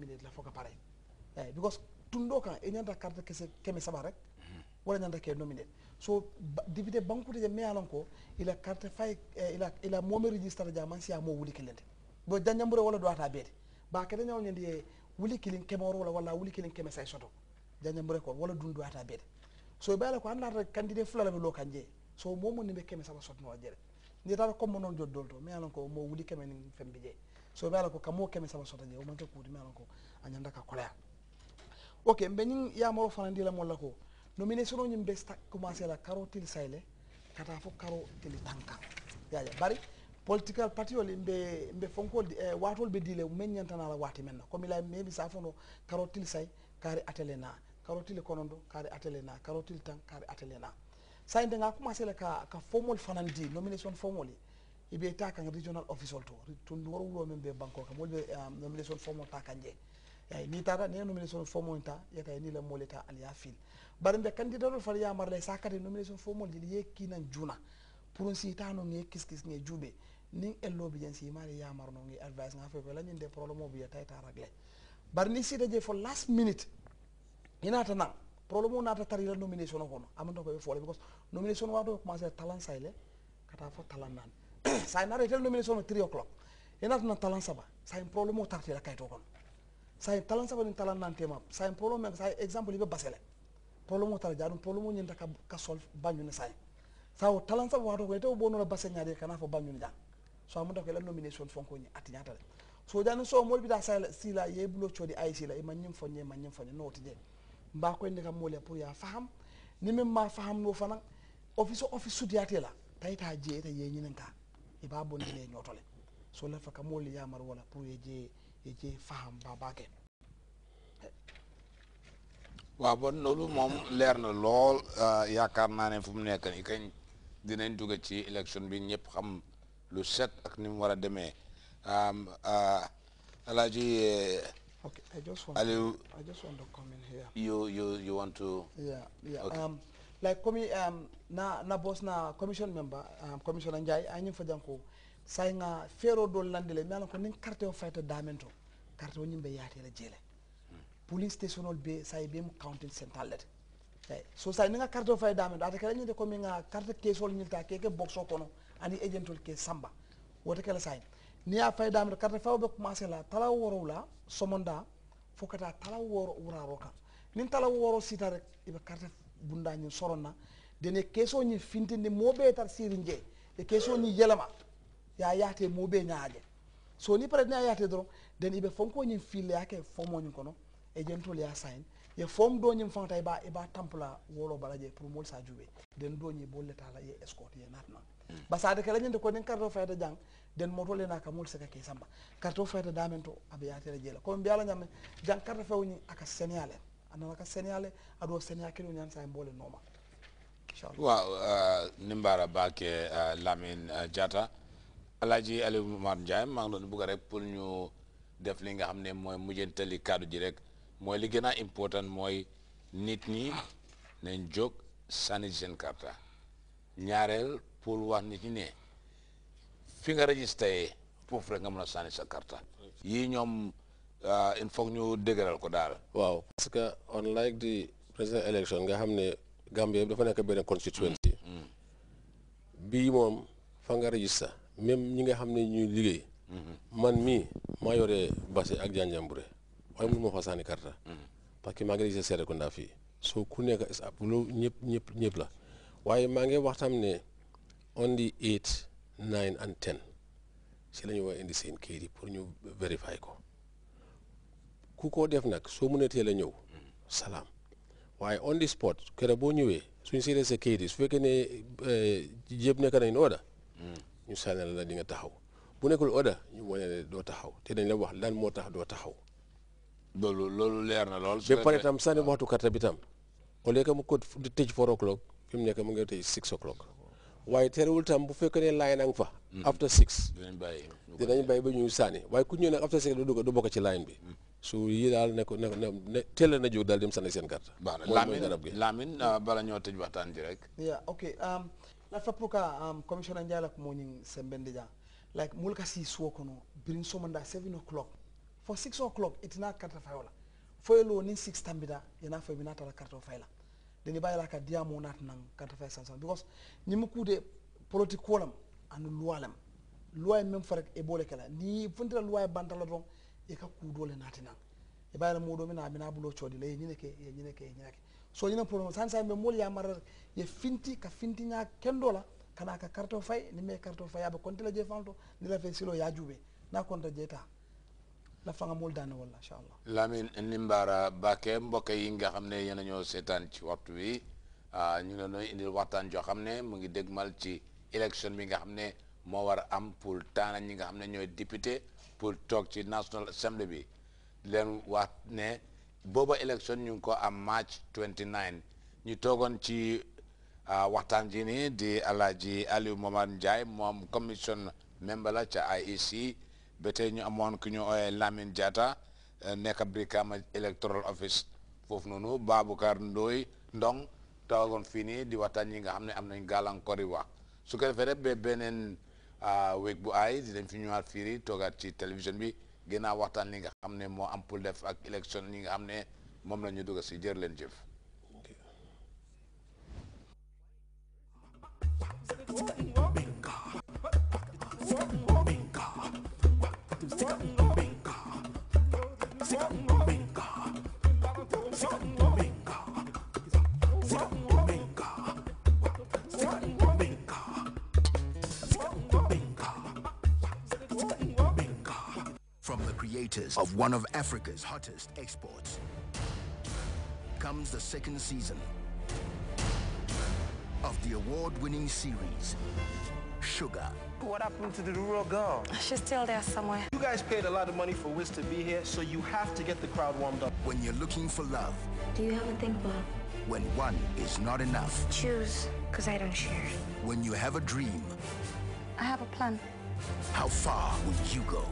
combiner la foka pareil eyi eh, because tunɗo kan e ñanta carte kese keme saba rek wala ñanta ke nominate so député bankude je meyalan ko ila e carte fay ila eh, e ila e momi registre ja man siya mo wuli kelente bo janjambure wala dowata beede ba kede ñawñandi e wuli kilin kemor wala walla wuli kilin keme say soto janjambure ko wala dun dowata beede so ɓe ala ko annata candidat fulalaɓe lo kan jeye so momoni ɓe keme saba sotno o jere ndi tata comme mo noon joddolto meyalan ko mo wuli keme nin fembi jeye so sobala ko kamo keme saba sota je o manke ko di mala ko anyanda ka kola ok mbenyin ya mo fana ndila mo lako nomination nyim be sta commencer la carotil saile kata fo karo tili tanka ya ya bari political party wol mbe mbe fonkol eh, watol be dile men nyantana la wati menna comme la mebi sa fono carotil sai kare atelena carotil konondo kare atelena carotil tan kare atelena sa nga commencer la ka ka formal fana ndi nomination formal ibe takan regional official to tun wor wulo men be banko ka wolbe eh, nomination form ta kanje yayi ni tara ne nomination form ta ya kay ni la moleta al ya fil bare candidat lo fal ya marle nomination form li ye kinan juna pour si no ne kis kis ne jube ni ello bi jensi mari ya no ngi advice nga fe la de problème bu ya tay ta e ragle bare sita je for last minute ina na problème na ta tari nomination ko no amando ndoko be fole because nomination wa do commencer talan sayle e kata fo talent nan sa en arrêté nomination three o'clock enatana talan saba sa en problème o tartila kayito kono sa en talan saba ɗin talan nantema sa en problème sa exemple yiɓe basele problème o tara ja ɗum probléme o ka, ka solve bañune sa en sa o talan saba wato koye te o ɓonola base ñaade kana fo bañune jang so amuta ko ela nomination fonkoñi atiñatale so jani so mo bita sala sila ye bulo chodi ay sila e manyim fonye manyim fonye no tije mba ko ndika mole pour ya faham ni mem ma faham no fana office office sudiyate la tay ta je ta ye nyinen ka i b'a bondi so le fɛ ka moolu yamar wala pour ye je ye je faham bon leer na ah, ne fu mu kañ dinañ dugg ci élection bi ñëpp xam lu set ak ni mu ah, Alaji. Eh, okay, I just want. I just want to come in here. You you you want to? Yeah yeah. Okay. Um, like komi um, na na boss na commission member um, commissioner njay anyi fa janko say nga fero do landele mi ko nin carte o fayta damento carte o nyimbe yati la jele police station ol be say be mu county central let tay so say nga carte o fay damento ata kala nyinde komi nga carte case ol nyilta keke boxo kono ani agent ol ke samba wote kala say ni a fay damento carte faw be commencer la tala woro la somonda fokata tala woro wuraro roka nin tala woro sita ibe carte bunda bundañin soronna dene kesoñin mo be tar siri jee e ñi yelama ya yaate mo be ñaage so ni pare dina yaate doron den iɓe fonkoñin fille yake fomoñin kono e jentol ya sayin ye fom do doñin fanta e ba tampla wolo balaje pour mo sa juɓe den doñi bolletala ye escort ye natna mm. basade ke de ko den karto fayda jang den motole na ka mol seka ke samba karto fayda damen to aɓe yaatele jeela koɓe mbiyala ñam jang karto fewñi aka sénégal ananaka seneyale aɗo seneya keɗo ñan sa mbole nooma waaw uh, nimbara baake uh, Lamin uh, Jatta alaaji Aliou Momar Ndiaye maa ngi doon bugg rek pour ñu def li nga xam ne mooy mujjantali kàddu ji rek mooy li gën a important mooy nit ñi nañ jóg sànni seen karta ñaareel pour wax nit ñi ne fi nga registré foofu rek nga mën a sànni sa karta yii ñoom Euh, il foog ñu dëgëral ko daal. waaw parce que unlike the president election nga xam ne Gambia dafa nekk benn constituency. Mm. Mm. bii moom fa nga register même ñi nga xam ne ñuy liggéey. Mm-hmm. man mii maa yore Basse ak Janjanbureh waaye mënu ma fa sànni karta mm. parce que maa ngi register Serekunda fii soo ku nekk is lu ñëpp ñëpp ñëpp la waaye maa ngi waxtam ne on the eight nine and ten si la ñu war indi seen kayit yi pour ñu vérifier ko. ku ko def nag soo mënee tee la ñëw salaam waaye on the spot kere boo ñëwee suñ seetee sa kayit yi su fekkee ne eh, yëpp nekk nañ order ñu sànnal la di nga taxaw bu nekkul order ñu wane doo taxaw te dañ la wax lan moo tax doo taxaw. loolu loolu leer na lool. su fekkee ba pare tam sànni waxtu carte bi tam au lieu que mu ko tëj four o'clock fi mu nekk mu ngi tëj six o'clock waaye terewul tam bu fekkee ne line nga fa. Hmm. after six. dinañ bàyyi dinañ bàyyi ba ñu sànni waaye ku ñëw nag after six du du bokk ci line bi. su yi daal ne ko ne ne teel na jóg daal dem sànni seen carte. baax na Lamin euh, bala ñoo tëj waxtaan ji rek. yeah ok um, laata pourquoi um, commissioner Ndiaye la ko moo ñu sembendija like mul ka si suo kono birin somanda 7 o'clock for 6 o'clock itina karta fayola foyelo ni 6 tambida yana fo bina tara karta fayla deni bayla ka diya mo nat nan carte fay sansan because ni mu kude politique kolam an luwalam luway même farek e bole kala ni funtira luway bantala don e ka le naati nan e bayra muɗum ina mina bulo coodila e ñineke e ñineke e ke so ñina probléme san sa mbe mool yamarar ye finti ka finti ñaa kendola kana ka carte o fay ni me karto o fay aɓe compte la je fanto ni la fe silo ya juuɓe na compte jeeta la fanga mool dane walla inchallah lamin nimbaara bake mbokk yi nga xam ne yéen ñoo seetaan ci waxtu wi ñu ah, ngi leen indil waxtaan joo xam ne mu ngi dégmal ci élection bi nga xam ne moo war am pour taana ñi nga xam ne ñooy député pour toog ci National Assembly bi di leen wax ne booba élection ñu ngi ko am March 29 ñu toogoon ci ah, waxtaan ji ni di Alhaji Alieu Momar Njie moom commission member la ca IEC ba tey ñu amoon ku ñu ooyee Lamine Diatta eh, nekk Brikama electoral office foofu baabu Baboucar Ndoye Ndong toogoon fii nii di waxtaan yi nga xam ne am nañ gàllankoor yi wax su ko defee beneen Euh, week bu aay dinañ fi ñëwaat fii toogaat ci télévision bi ginnaaw waxtaan li nga xam ne am pour def ak élection yi nga xam ne moom la ñu dugg si jër leen jëf. Fuck. of one of Africa's hottest exports. Comes the second season of the award-winning series, Sugar. What happened to the rural girl? She's still there somewhere. You guys paid a lot of money for Wiz to be here, so you have to get the crowd warmed up. When you're looking for love. Do you have a thing, Bob? When one is not enough. Choose, because I don't share. When you have a dream. I have a plan. How far will you go?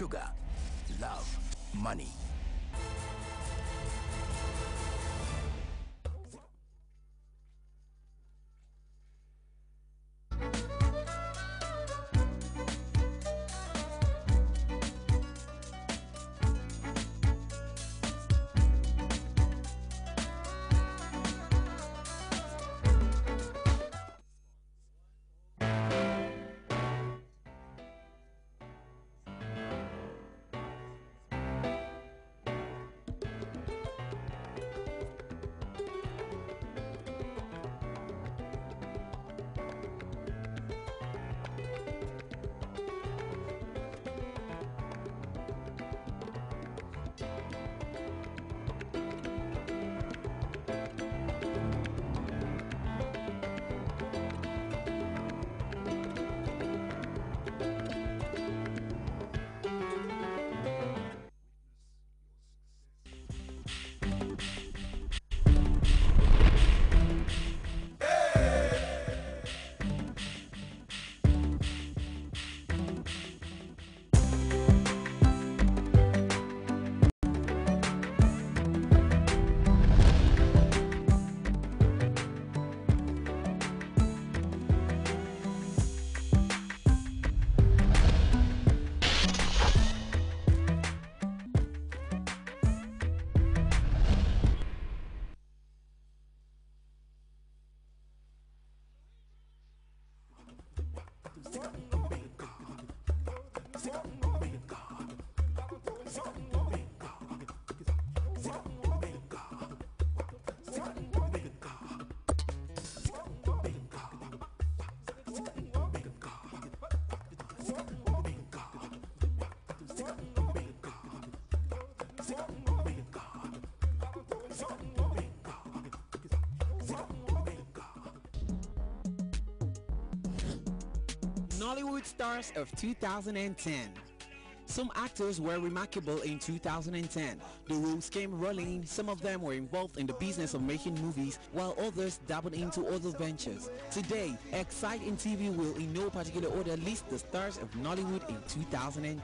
sugar, love, money. Hollywood Stars of 2010 Some actors were remarkable in 2010. The roles came rolling, some of them were involved in the business of making movies, while others dabbled into other ventures. Today, Exciting TV will in no particular order list the stars of Nollywood in 2010.